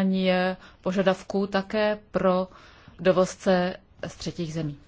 ani požadavků také pro dovozce z třetích zemí.